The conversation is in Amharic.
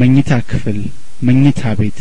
መኝታ ክፍል መኝታ ቤት